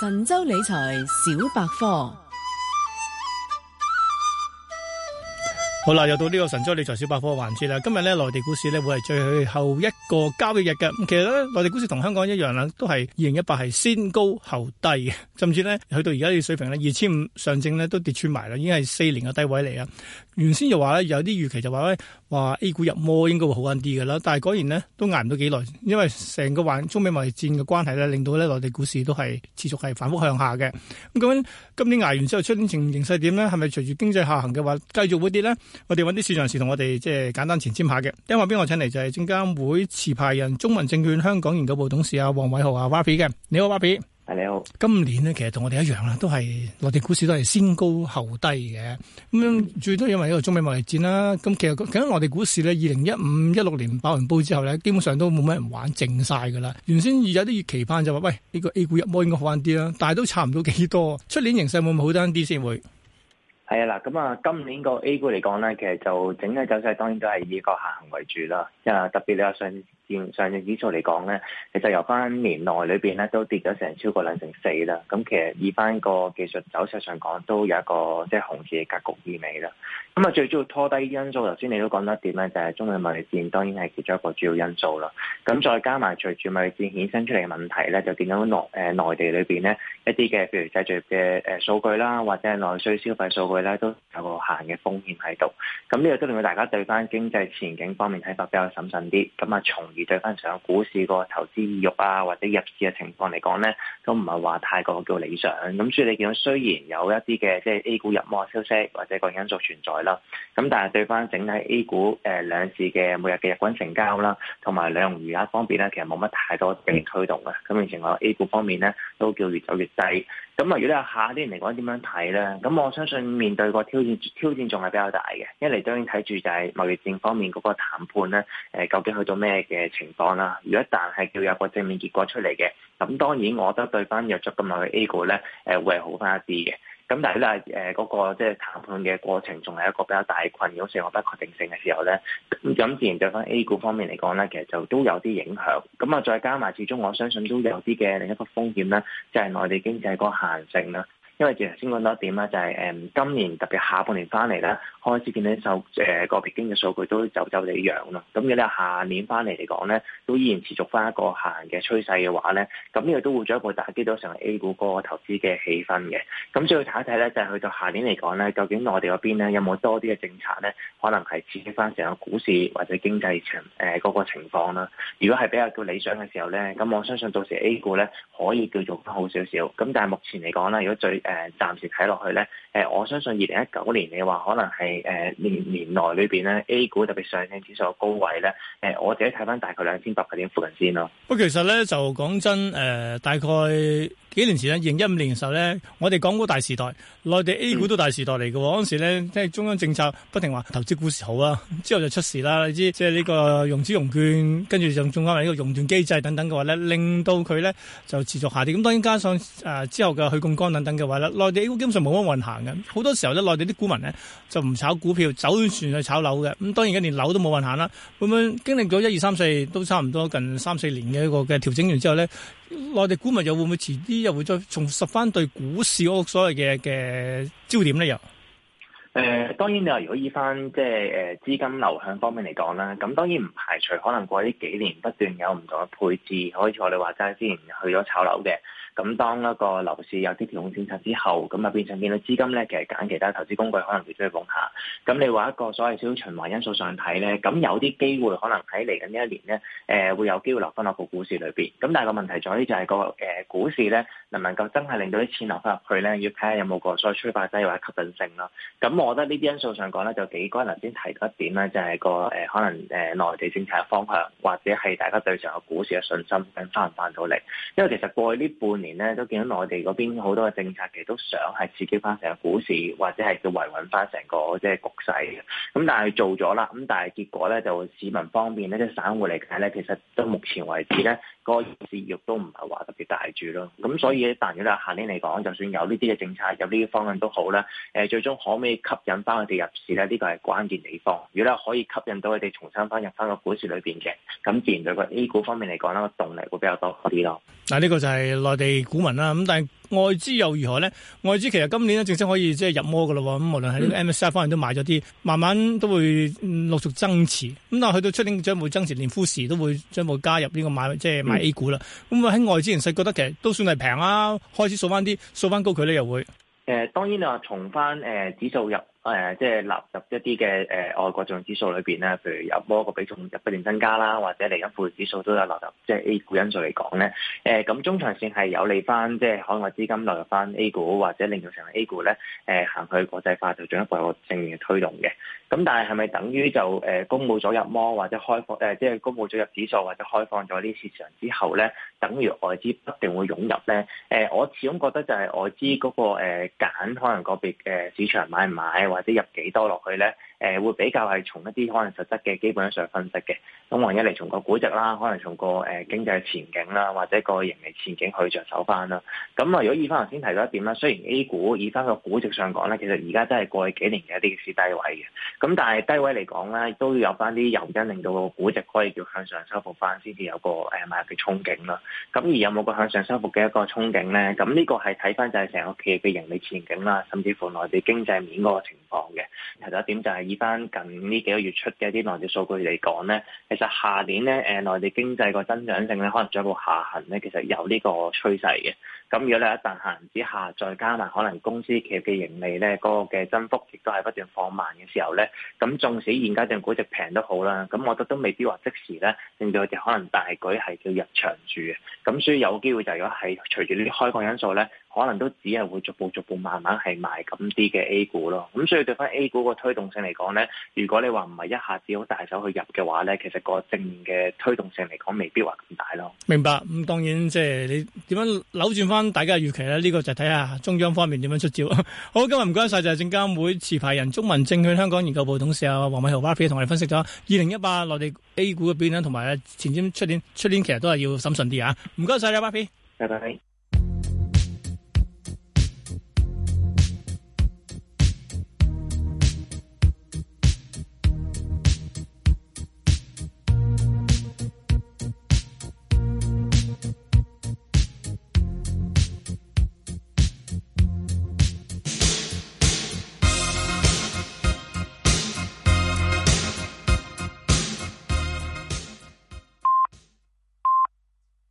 神州理財小百科，好啦，又到呢個神州理財小百科嘅環節啦。今日咧，內地股市咧會係最後一個交易日嘅。其實咧，內地股市同香港一樣啦，都係二零一八係先高後低嘅，甚至咧去到而家呢個水平咧，二千五上證咧都跌穿埋啦，已經係四年嘅低位嚟啦。原先就話咧有啲預期就話咧。話 A 股入魔應該會好一啲嘅啦，但係果然呢都挨唔到幾耐，因為成個環中美貿易戰嘅關係咧，令到咧內地股市都係持續係反覆向下嘅。咁、嗯、咁今年挨完之後，出年情形勢點咧？係咪隨住經濟下行嘅話，繼續會跌咧？我哋搵啲市場人士同我哋即係簡單前瞻下嘅。今日邊個請嚟就係證監會持牌人中民證券香港研究部董事阿黃偉豪阿、啊、巴比嘅。你好，巴比。你好，今年呢其實同我哋一樣啦，都係內地股市都係先高後低嘅。咁、嗯、最多因為一個中美貿易戰啦。咁、嗯、其實講緊內地股市咧，二零一五一六年爆完煲之後咧，基本上都冇乜人玩靜晒噶啦。原先有啲期盼就話喂，呢、這個 A 股入摩應該好玩啲啦，但係都差唔到幾多。出年形勢會唔會好得啲先會？係啊，嗱，咁啊，今年個 A 股嚟講咧，其實就整體走勢當然都係以個下行為主啦。啊，特別你話上證上證指數嚟講咧，其實由翻年內裏面咧都跌咗成超過兩成四啦。咁其實以翻個技術走勢上講，都有一個即係熊市嘅格局意味啦。咁啊，最主要拖低因素，頭先你都講得點咧，就係中美貿易戰，當然係其中一個主要因素啦。咁再加埋隨住貿易戰衍生出嚟嘅問題咧，就見到內地裏面咧一啲嘅，譬如製造業嘅數據啦，或者係內需消費數據。佢咧都有個限嘅風險喺度，咁呢個都令到大家對翻經濟前景方面睇法比較審慎啲。咁啊，從而對翻上股市個投資意欲啊，或者入市嘅情況嚟講咧，都唔係話太過叫理想。咁所以你見到雖然有一啲嘅即係 A 股入摩消息或者個因素存在啦，咁但係對翻整體 A 股、呃、兩市嘅每日嘅日均成交啦，同埋兩融餘額方面咧，其實冇乜太多嘅推動嘅。咁現成話 A 股方面咧，都叫越走越低。咁如果你下年嚟講點樣睇咧？咁我相信面對個挑戰，挑戰仲係比較大嘅。一嚟當然睇住就係貿易戰方面嗰個談判咧，究竟去到咩嘅情況啦？如果但一旦係叫有個正面結果出嚟嘅，咁當然我都對翻約咗咁耐嘅 A 股咧，誒會係好翻一啲嘅。咁但係呢，誒嗰個即係談判嘅過程，仲係一個比較大困擾、成個不確定性嘅時候咧，咁自然對翻 A 股方面嚟講咧，其實就都有啲影響。咁啊，再加埋，始終我相信都有啲嘅另一個風險咧，就係內地經濟嗰個限性啦。因為其實先講到一點，就係今年特別下半年翻嚟咧，開始見到受誒個別經濟數據都走走地揚咯。咁如果你下年翻嚟嚟講咧，都依然持續翻一個行嘅趨勢嘅話咧，咁呢個都會進一步打擊到成 A 股嗰個投資嘅氣氛嘅。咁再睇一睇咧，就係去到下年嚟講咧，究竟內地嗰邊咧有冇多啲嘅政策咧，可能係刺激翻成個股市或者經濟情嗰，呃那個情況啦。如果係比較叫理想嘅時候咧，咁我相信到時 A 股咧可以叫做翻好少少。咁但係目前嚟講咧，如果最誒、呃、暫時睇落去咧，誒、呃、我相信二零一九年你話，可能係誒、呃、年年內裏邊咧，A 股特別上證指數高位咧，誒、呃、我自己睇返大概兩千八百點附近先咯。不過其實咧，就講真誒、呃，大概。幾年前咧，二零一五年嘅時候咧，我哋港股大時代，內地 A 股都大時代嚟嘅喎。嗰陣時咧，即係中央政策不停話投資股市好啊，之後就出事啦。你知即係呢個融資融券，跟住就仲加埋呢個熔斷機制等等嘅話咧，令到佢咧就持續下跌。咁當然加上誒、呃、之後嘅去槓桿等等嘅話咧，內地 A 股基本上冇乜運行嘅。好多時候咧，內地啲股民咧就唔炒股票，走船去炒樓嘅。咁當然而家連樓都冇運行啦。咁樣經歷咗一二三四都差唔多近三四年嘅一個嘅調整完之後咧。內地股民又會唔會遲啲又會再重拾翻對股市嗰個所謂嘅嘅焦點咧？又誒、呃，當然啦，你話如果以翻即係誒資金流向方面嚟講啦，咁當然唔排除可能過呢幾年不斷有唔同嘅配置，好似我哋話齋之前去咗炒樓嘅。咁當一個樓市有啲調控政策之後，咁啊變成變咗資金咧，其實揀其他投資工具可能會追趕下。咁你話一個所謂小循環因素上睇咧，咁有啲機會可能喺嚟緊呢一年咧，誒會有機會留翻落個股市裏邊。咁但係個問題在於就係、那個誒股市咧，能唔能夠真係令到啲錢留翻入去咧？要睇下有冇個所謂催化劑或者吸引性啦。咁我覺得呢啲因素上講咧，就幾關鍵。頭先提到一點咧，就係、是、個可能誒內地政策嘅方向，或者係大家對上個股市嘅信心，等翻唔翻到嚟。因為其實過去呢半年。年咧都見到內地嗰邊好多嘅政策，其實都想係刺激翻成個股市，或者係叫維穩翻成個即係局勢嘅。咁但係做咗啦，咁但係結果咧，就市民方面咧，即係散戶嚟睇咧，其實到目前為止咧。個市亦都唔係話特別大住咯，咁所以但如咧，下年嚟講，就算有呢啲嘅政策，有呢啲方向都好啦，誒，最終可唔可以吸引翻佢哋入市咧？呢個係關鍵地方。如果咧可以吸引到佢哋重新翻入翻個股市裏邊嘅，咁自然對個 A 股方面嚟講啦，動力會比較多啲咯。嗱，呢個就係內地股民啦。咁但係。外資又如何咧？外資其實今年咧正式可以即係入摩噶咯，咁無論喺呢個 MSCI 方面都買咗啲，慢慢都會陸續增持。咁但係去到出年將會增持，連富時都會將會加入呢個買即係、就是、買 A 股啦。咁啊喺外資人士覺得其實都算係平啦，開始掃翻啲，掃翻高佢咧又會。誒，當然你重從翻誒指數入。誒，即係納入一啲嘅誒外國重指數裏面，咧，譬如入摩個比重就不斷增加啦，或者嚟緊富時指數都有納入，即係 A 股因素嚟講咧，誒、呃、咁中長線係有利翻，即係海外資金流入翻 A 股或者令到成 A 股咧，誒、呃、行去國際化就進一步有正面嘅推動嘅。咁但係係咪等於就公佈咗入摩或者開放、呃、即係公佈咗入指數或者開放咗啲市場之後咧，等於外資不定會湧入咧？誒、呃，我始終覺得就係外資嗰、那個誒揀、呃、可能個別市場買唔買？或者入幾多落去咧、呃？會比較係從一啲可能實質嘅基本上分析嘅。咁還一嚟從個估值啦，可能從個、呃、經濟前景啦，或者個盈利前景去着手翻啦。咁、嗯、啊，如果以翻頭先提到一點啦，雖然 A 股以翻個估值上講咧，其實而家真係過去幾年嘅一啲市低位嘅。咁但係低位嚟講咧，都要有翻啲誘因令到個估值可以叫向上收復翻，先至有個誒買入嘅憧憬啦。咁、呃嗯、而有冇個向上收復嘅一個憧憬咧？咁、嗯、呢、這個係睇翻就係成個企業嘅盈利前景啦，甚至乎內地經濟面嗰個情。嘅，其實一點就係，以翻近呢幾個月出嘅一啲內地數據嚟講咧，其實下年咧誒內地經濟個增長性咧，可能進一步下行咧，其實有呢個趨勢嘅。咁如果你一陣閒之下，再加埋可能公司企業嘅盈利咧，嗰個嘅增幅亦都係不斷放慢嘅時候咧，咁縱使現階段估值平都好啦，咁我覺得都未必話即時咧令到佢哋可能大舉係叫入場住嘅，咁所以有機會就如果係隨住呢啲開放因素咧，可能都只係會逐步逐步慢慢係買咁啲嘅 A 股咯，咁所以對翻 A 股個推動性嚟講咧，如果你話唔係一下子好大手去入嘅話咧，其實個正面嘅推動性嚟講，未必話咁大咯。明白，咁當然即係你點樣扭轉翻。大家預期咧，呢、這個就睇下中央方面點樣出招。好，今日唔該晒就係證監會持牌人中民證券香港研究部董事啊，黃偉豪 （Wafi） 同我哋分析咗二零一八內地 A 股嘅表現，同埋前瞻出年出年其實都係要審慎啲啊！唔該曬啊，Wafi，拜拜。